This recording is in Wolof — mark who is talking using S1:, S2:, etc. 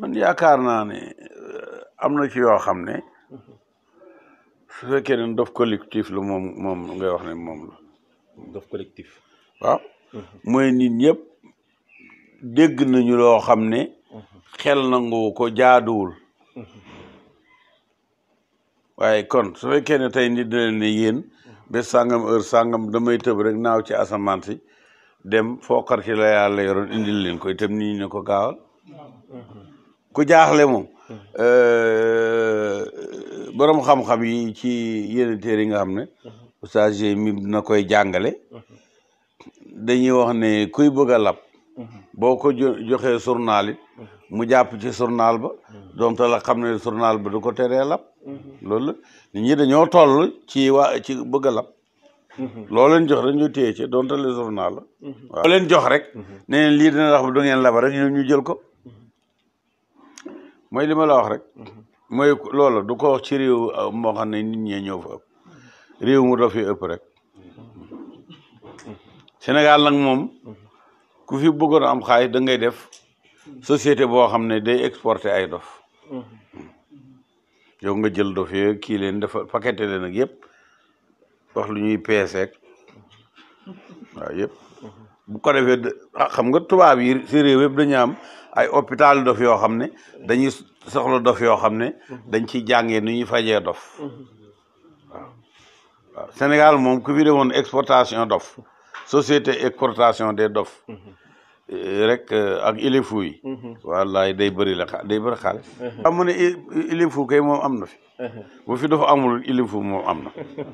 S1: man yaakaar naa ne eh, am na ci yoo xam ne su fekkee ne dof collectif lu moom moom ngay wax ne moom la. dof collectif. waaw mhm. mooy nit ñëpp dégg nañu loo xam ne. Mhm. xel nangu ko jaaduwul. Mhm. waaye kon su fekkee ne tey nit da leen ne yéen. bés sàngam heure sàngam damay tëb rek naaw ci asamaan si dem fookar ci la yàlla yoroon indil leen ko itam nit ñi ko gaawal. ku jaaxle moom hmm. euh, borom xam-xam yi ci yenn téere yi nga xam ne hmm. oustaz mi na koy jàngale hmm. dañuy wax ne kuy bëgg a lab boo ko joxee journal it mu jàpp ci journal ba doom xam ne journal ba du ko teree lab loolu nit ñi dañoo ci waa ci bëgg a lab loo leen jox rek ñu téye ci doonte la waaw jox rek ne leen lii dina tax du ngeen laba rek ñu jël ko mooy li ma la wax rek. Mhm. mooy loolu du ko wax ci réew euh, moo xam ne nit ñee ñëw fa ëpp. réew mu doo fi ëpp rek. Mhm. Sénégal nag moom mhm. ku fi bëggoon am xaalis da ngay def société boo xam ne day exporter ay dof. yow nga jël dof yooyu kii leen dafa paqueté leen ak yëpp wax lu ñuy peeseek waaw yëpp bu ko defee ah, xam nga tubaab yi si réew yëpp dañu am. ay hôpital dof yoo xam ne dañuy soxla dof yoo xam ne dañ ciy jàngee nu ñuy fajee dof Sénégal moom ku fi demoon exportation dof société exportation des dof eh, rek eh, ak ilifu yi wallaay day bëri la day bëri xaalis uh-huh. amu ne ilifu kay moom am na fi uh-huh. bu fi dafa amul ilifu moom am na